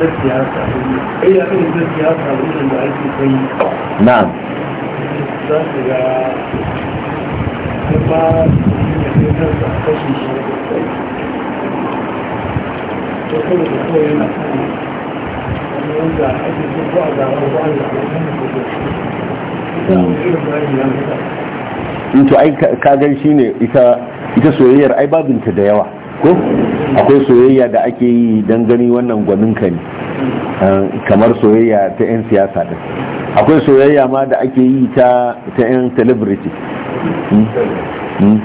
ta siyasa ila ita soyayyar ai babinta da yawa ko akwai soyayya da ake yi don gani wannan gwanin ka ne eh, kamar soyayya ta 'yan siyasa da akwai soyayya ma da ake yi ta 'yan celebrity hmm? Hmm?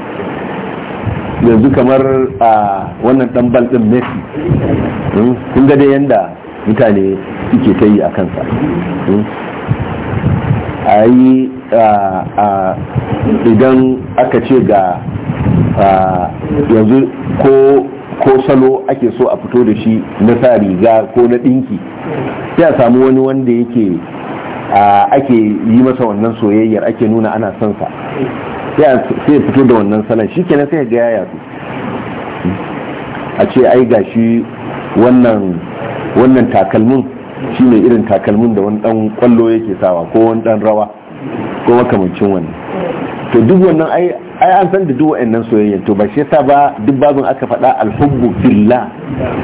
yanzu kamar a wannan dan balɗin messi hmm? kun ga yadda yanda mutane suke ta yi a kansa a yi idan aka ce ga yanzu ko ko salo ake so a fito da shi na sa riga ko na dinki sai a samu wani wanda yake ake yi masa wannan soyayyar ake nuna ana son sa sai fito da wannan salon shi kenan sai ga yaya su a ce ai gashi wannan wannan takalmin shi ne irin takalmin da wani dan kwallo yake sawa ko wani dan rawa ko makamancin wannan to duk wannan ai ai an san da duk wa'annan soyayyen to ba shi yasa ba duk babin aka faɗa alhubbu fillah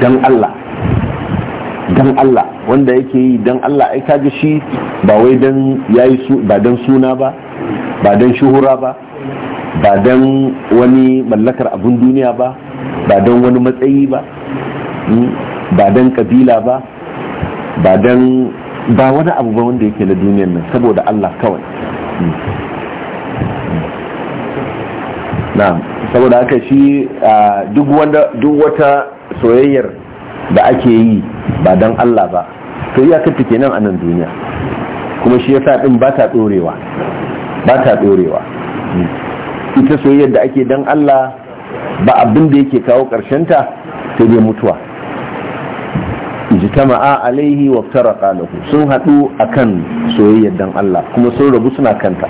dan Allah dan Allah wanda yake yi dan Allah ai kaga shi ba wai dan yayi su ba dan suna ba ba dan shuhura ba ba dan wani mallakar abun duniya ba ba dan wani matsayi ba hmm, ba dan kabila ba ba dan ba wani abu ba wanda yake na duniyar nan saboda Allah kawai hmm. na'am saboda haka shi duk wata soyayyar da ake yi ba don Allah ba to ya kace kenan a nan duniya kuma shi yasa ɗin ba ta dorewa ba ta dorewa ita soyayyar da ake don Allah ba abin da yake kawo ƙarshen ta ta dai mutuwa ma'a alaihi wa tara sun haɗu akan soyayyar don Allah kuma sun rabu suna kanta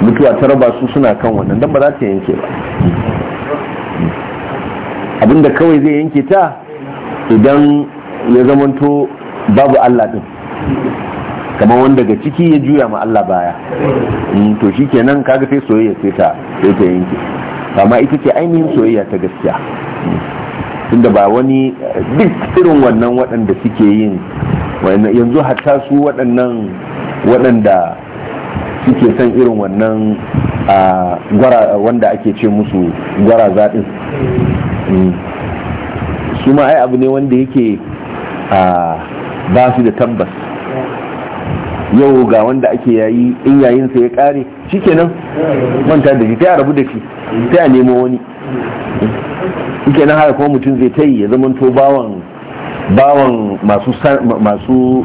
mutuwa ta raba su suna kan wannan don ba za ta yanke ba abinda kawai zai yanke ta idan ya zamanto babu Allah din kamar wanda daga ciki ya juya ma Allah baya mm, to shi kenan kaga sai soyayya sai ta sai ta yanke amma ita ce ainihin soyayya ta gaskiya tunda ba wani duk irin wannan waɗanda suke yin yanzu hatta su waɗannan waɗanda suke son irin wannan wanda ake ce musu gwara zaɗin mm. su ma ai abu ne wanda yake ba su da tambas? yau ga wanda ake yayi in yayinsa ya ƙare nan? manta da shi ta a rabu da shi ta a nemo wani kenan haka kuma mutum zai ta yi ya zama to bawan masu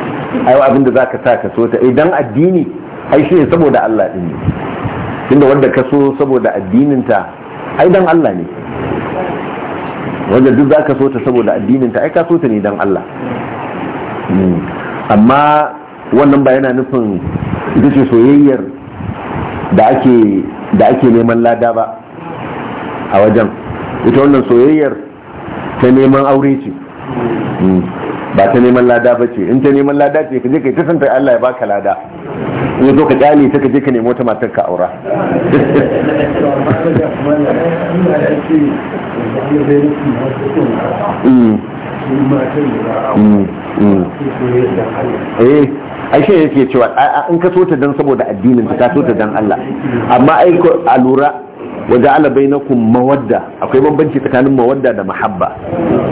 ai abin da zaka sa ka so ta idan addini ai shi ne saboda Allah din ne tunda wanda ka so saboda addinin ta ai dan Allah ne wanda duk zaka so ta saboda addinin ta ai ka so ta ne dan Allah hmm. amma wannan ba yana nufin ita ce soyayyar da ake da ake neman lada ba a wajen ita wannan soyayyar ta neman aure ce hmm. ba ta neman lada ba ce in ta neman lada ce ka je kai ta santa Allah ya baka lada in zo ka kyale ta ka je ka nemo ta matar ka aura eh, aishe yake cewa in ka so ta dan saboda addinin ta so ta dan Allah amma ai a lura waje alabai na kun mawadda akwai bambanci tsakanin mawadda da mahabba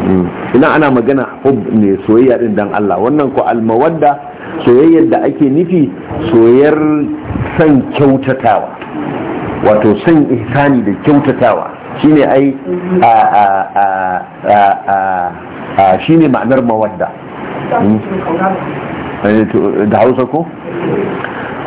mm. ina ana magana hub ne soyayya din dan Allah wannan ko almawadda soyayyar da ake nufi soyar san kyautatawa wato san ihsani da kyautatawa shine ai a a a a shine ma'anar mawadda mm. eh, da hausa ko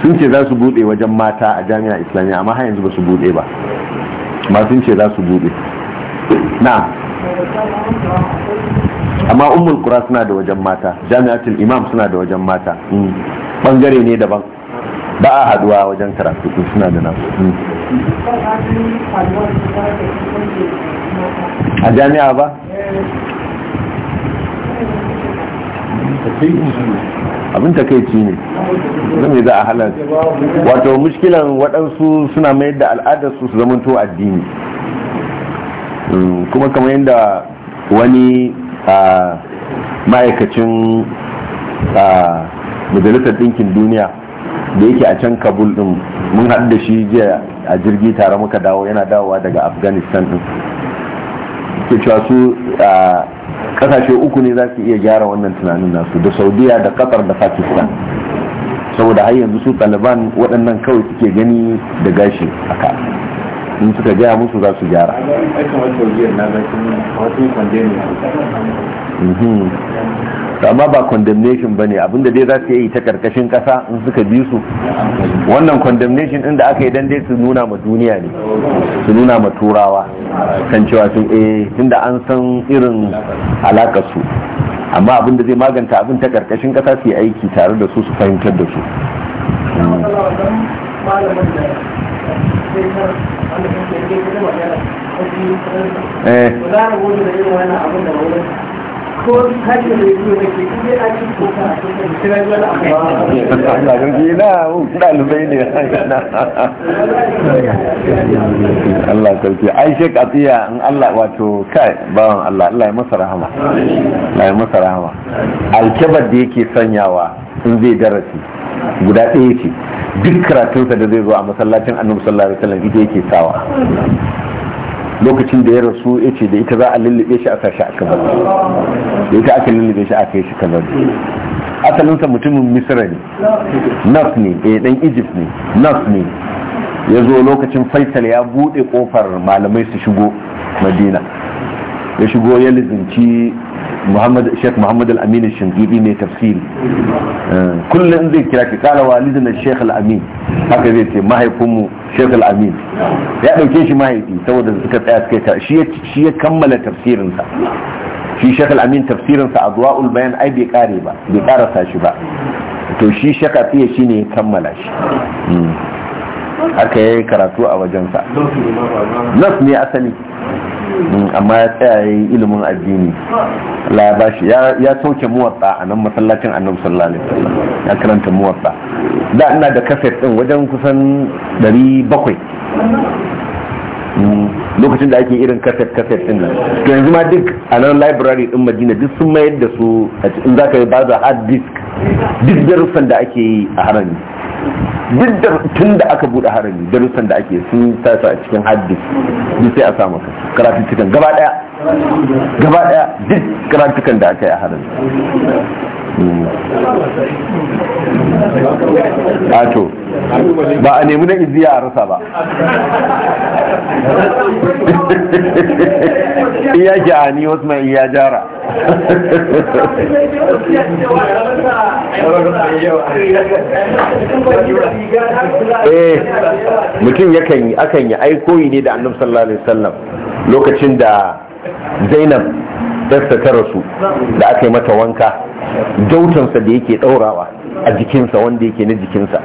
sun ce za su bude wajen mata a jami'a islamiyya amma har yanzu ba su bude ba amma sun ce za su bude na amma ummul kura suna da wajen mata jami'atul imam suna da wajen mata hmm. bangare ne daban ba a haduwa wajen karatu suna da nasu hmm. a jami'a ba abin takaici ne zai za a halar wato mushkilan waɗansu suna mayar da al'adarsu su zamanto addini hmm, kuma kamar yadda wani ma'aikacin majalisar ɗinkin duniya da yake a can kabul ɗin mun haɗu da shi jiya a jirgi tare muka dawo yana dawowa daga afghanistan ɗin ke cewa su kasashe uku ne za su iya gyara wannan tunanin nasu da saudiya da qatar da pakistan saboda har yanzu su taliban waɗannan kawai suke gani da gashi a ka in suka gaya musu za su gyara to amma ba condemnation bane abinda dai za su yi ta karkashin kasa in suka bi su wannan condemnation din da aka yi dan dai su nuna ma duniya ne su nuna ma turawa kan cewa sun eh tunda an san irin alakar su amma abinda zai maganta abin ta karkashin kasa su yi aiki tare da su su fahimtar da su eh ko hajji da yake da ke kuma a cikin kuka cikin kiran yana a kan ba garbi na ne Allah sarki ai shek a tsiya in Allah wato kai bawan Allah Allah ya masa rahama Allah ya masa rahama alkebar da yake sanyawa in zai darasi guda ɗaya ce duk karatunsa da zai zo a masallacin annabi sallallahu alaihi wasallam ita yake sawa lokacin da ya rasu ya ce da ita za a lullube shi a sashi a kabari da ita aka lullube shi aka yi shi kabari asalinsa mutumin misira ne nas ne eh dan egypt ne nas ne ya zo lokacin faisal ya buɗe ƙofar malamai su shigo madina ya shigo ya lizinci muhammad sheikh muhammad al-amin al-shankidi mai eh, kullum zai kira ki kala walidina sheikh al-amin haka zai ce mahaifinmu sheikh al-amin ya ɗauke shi mahaifi saboda suka tsaya suka yi shi ya kammala tafsirinsa shi sheikh al-amin tafsirinsa a zuwa'ul bayan ai bai kare ba bai karasa shi ba to shi sheikh atiya shine ya kammala shi hmm. aka yi karatu a wajensa nas ne asali Mm, amma ya tsaya ya yi ilimin addini labashi ya bashi ya sauke muwatsa a nan masallacin annabi sallallahu alaihi wasallam ya karanta muwatsa da ina da kaset din wajen kusan 700 mm, lokacin da ake irin kaset kaset din nan to yanzu ma duk a nan library din Madina duk sun mayar da su in zaka yi baza hard disk duk darussan da ake yi a harami duk da tun da aka bude harami darussan da ake sun tasa a cikin hard disk duk sai a sa maka karatuttukan gaba daya gaba daya duk karatuttukan da aka yi a harin hmm. to ba a nemi na izi a rasa ba iya ja'ani wasu mai iya jara eh, mutum yakan yi akan yi aikoyi ne da annabi sallallahu alaihi wasallam lokacin da zainab ɗansa ta rasu da aka yi mata wanka dautansa da yake tsaurawa. a jikinsa wanda yake na jikinsa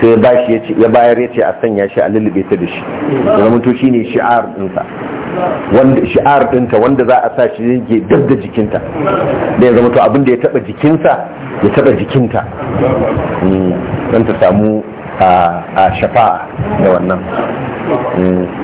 sai ya bashi ya ya bayar ya ce a sanya shi a lullube ta da shi zama to ne shi'ar wanda shi'ar dinta wanda za a sa shi yake dab da jikinta da ya zama to abin da ya taba jikinsa ya taɓa jikinta hmm, don ta samu a ah, ah, shafa'a da wannan hmm.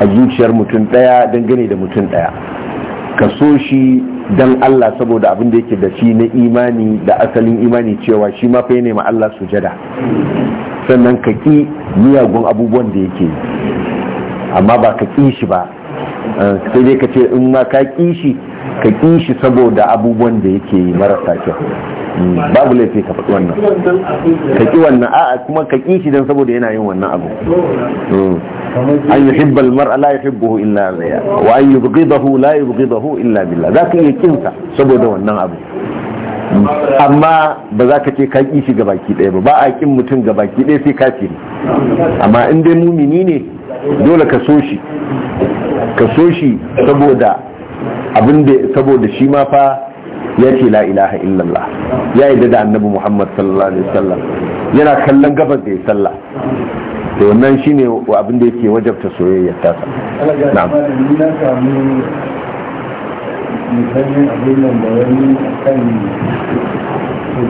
a zuciyar mutum daya dangane da mutum ɗaya. ka so shi don Allah saboda abin da yake da shi na imani da asalin imani cewa shi ma fa ma Allah sujada sannan ka ki miyagun abubuwan da yake amma ba ka ki shi ba eh, sai dai ka ce in ma ka ki shi ka ƙi shi saboda abubuwan da yake yi marasa kyau hmm, babu laifi ka faɗi wannan ka ƙi wannan a kuma ka ƙi shi don saboda yana yin wannan abu hmm. an yi hibbal mar'a la yuhibbuhu illa billah wa an yi yubghidahu la yubghidahu illa billah za ka iya kinsa saboda wannan abu hmm. amma ba za ka ce ka ƙi shi ga baki ɗaya ba ba a ƙin mutum ga baki ɗaya sai ka ce amma in dai mumini ne dole ka so shi ka so shi saboda abin da saboda shi ma fa ya ce la ilaha illallah ya yi da annabi muhammad sallallahu alaihi wasallam yana kallon gabas da ya salla da wannan shi ne abin da yake wajabta soyayyar ta na'am abin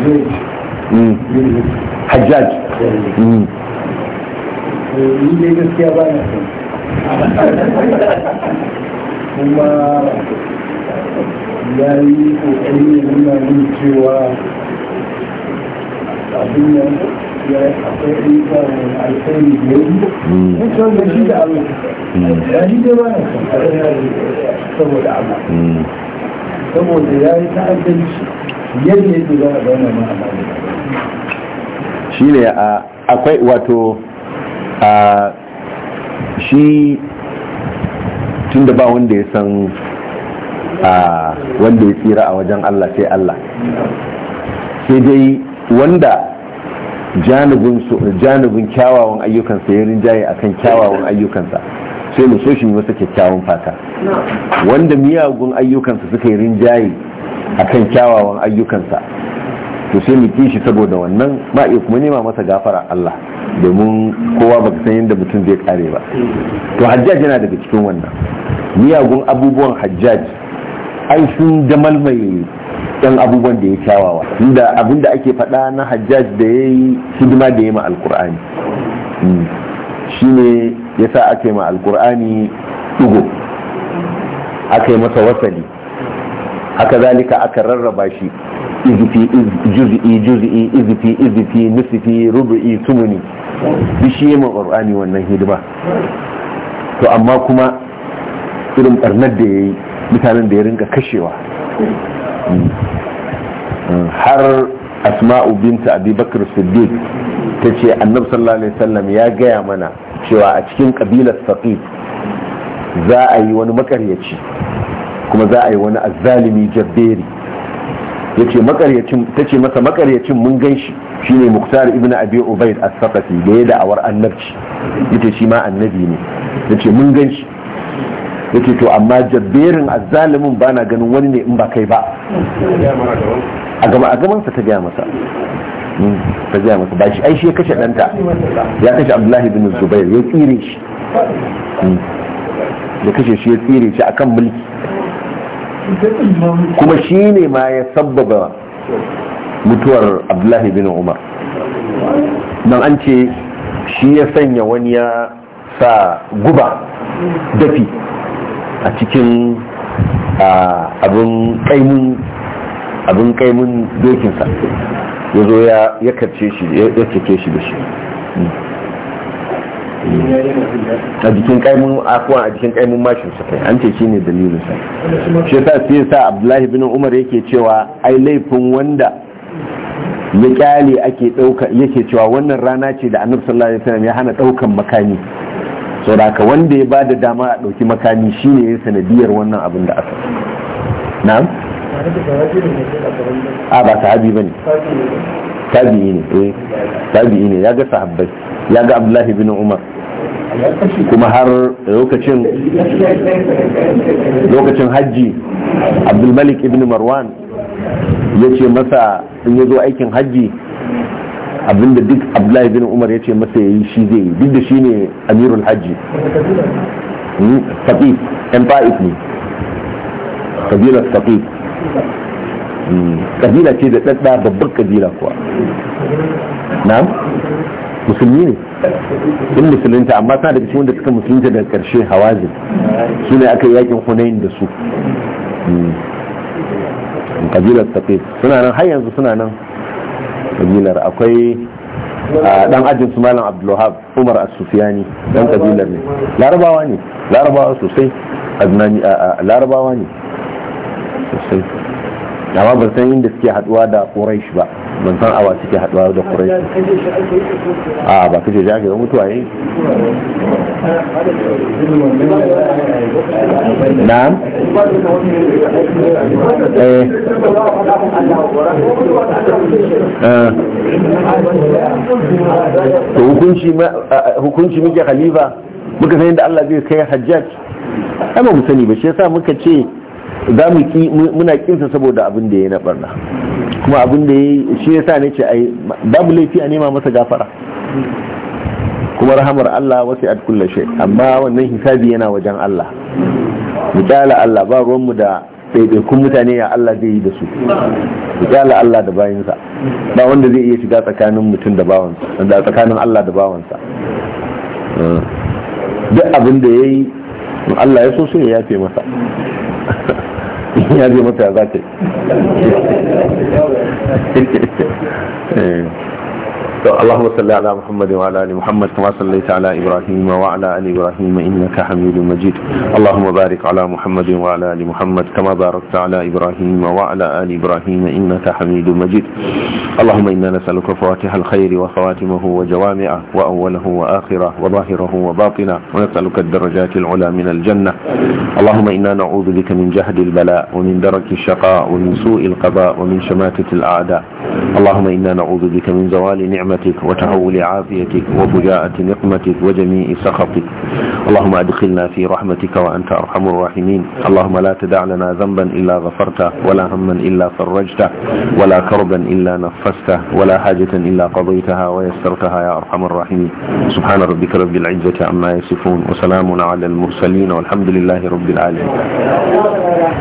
kan hajjaj mm. eh, ni gaskiya ba kuma ya yi kokari ya nuna min cewa abin nan ya yi akwai ayyuka mai alkhairi da yi hmm. mutum da shi da abu ya hmm. shi dai ba na saboda abu hmm. saboda ya yi ta'addanci yadda ya yadda za a zauna ma a shi ne akwai wato a shi da ba wanda ya san wanda ya tsira a wajen Allah sai Allah sai dai wanda janibin kyawawan ayyukansa ya rinjaye akan kyawawan ayyukansa sai mu so shi masa kyakkyawan fata wanda miyagun ayyukansa suka yi rinjaye akan kyawawan ayyukansa to sai mu kishi saboda wannan ba iya kuma nema masa gafara Allah domin kowa baka san yadda mutum zai kare ba to hajjaj yana daga cikin wannan miyagun abubuwan hajjaj ai sun jamal mai yan abubuwan da ya kyawawa inda abin da ake faɗa na hajjaj da ya yi hidima da ya ma alkur'ani hmm. shi ne ya sa aka yi ma alkur'ani ɗugo aka yi masa wasali haka zalika aka rarraba shi izifi juz'i juz'i izifi izifi nisfi rubu'i sumuni bi shi ma qur'ani wannan hidima to amma kuma irin barnar da yayi mutanen da ya rinka kashewa har asma'u binta abubakar siddiq ta ce annabi sallallahu alaihi wasallam ya gaya mana cewa a cikin kabilar saqif za a yi wani makaryaci kuma za a yi wani azzalimi jabberi yace makaryacin tace masa makaryacin mun ganshi shine Muktar ibn Abi ubaid as-Saqafi da ya da'awar annabci yace shi ma annabi ne yace mun ganshi yace to amma jabberin azzalimin na ganin wani ne in ba kai ba a gama a gaban sa ta gaya masa hmm, ta gaya masa ba shi ai shi ya kashe danta ya kashe Abdullahi ibn Zubair ya tsire shi hmm. ya kashe shi ya tsire shi akan mulki kuma shi ne ma ya sabbaba mutuwar abdullahi bin umar nan an ce shi ya sanya wani ya sa guba dafi a cikin abin kaimun dokinsa ya zo ya karce shi da shi a jikin kaimun afuwa a jikin kaimun mashin su kai an ce shi ne dalilin sa shi sa sai sa abdullahi bin umar yake cewa ai laifin wanda ya kyale ake dauka yake cewa wannan rana ce da annabi sallallahu alaihi wasallam ya hana daukan makami saboda wanda ya bada dama a dauki makami shine ya sanadiyar wannan abin da aka na'am a ba sahabi bane tabi'i ne eh tabi'i ne ya ga sahabbai ya ga abdullahi bin umar kuma har lokacin lokacin hajji abdulmalik ibn marwan ya ce masa in ya zo aikin hajji abinda duk abdullahi bin umar ya ce masa ya yi shi zai yi duk da shi ne amirul hajji hmm, faƙi empire fa'if ne kabila faƙi hmm, kabila ce da ɗaɗɗa babbar kabila kuwa na musulmi ne in musulunta amma suna daga cikin wanda suka musulunta daga karshe hawazin su ne aka yakin hunayin da su hmm. kabilar tafi suna nan har yanzu suna nan kabilar akwai dan ajin su malam abdulwahab umar as dan kabilar ne larabawa ne larabawa sosai adnani larabawa ne sosai amma ban san inda suke haduwa da quraish ba ban san awa suke haduwa da kurai a ba kaje ja ga mutuwa yi eh. eh to hukunci hukunci muke khalifa muka san yadda Allah zai kai hajjaj amma ba mu sani ba shi yasa muka ce za mu ki muna kinsa saboda abin da ya na barna kuma abin da ya shi ya sa a ai babu laifi a nema masa gafara kuma rahamar Allah wasu at kulla shay amma wannan hisabi yana wajen Allah mutala Allah ba ruwanmu da kun mutane ya Allah zai yi da su mutala Allah da bayansa ba wanda zai iya shiga tsakanin mutum da bawansa da tsakanin Allah da bawansa duk abin da ya yi Allah ya so su ne ya fi masa ya zai mata za ta yi eh. اللهم صل على محمد وعلى ال محمد كما صليت على ابراهيم وعلى ال ابراهيم انك حميد مجيد اللهم بارك على محمد وعلى ال محمد كما باركت على ابراهيم وعلى ال ابراهيم انك حميد مجيد اللهم انا نسالك فواتح الخير وخواتمه وجوامعه واوله واخره وظاهره وباطنه ونسالك الدرجات العلى من الجنه اللهم انا نعوذ بك من جهد البلاء ومن درك الشقاء ومن سوء القضاء ومن شماتة الاعداء اللهم إنا نعوذ بك من زوال نعمتك وتهول عافيتك وفجاءة نقمتك وجميع سخطك اللهم أدخلنا في رحمتك وأنت أرحم الراحمين اللهم لا تدع لنا ذنبا إلا غفرته ولا هما إلا فرجته ولا كربا إلا نفسته ولا حاجة إلا قضيتها ويسرتها يا أرحم الراحمين سبحان ربك رب العزة عما يصفون وسلام على المرسلين والحمد لله رب العالمين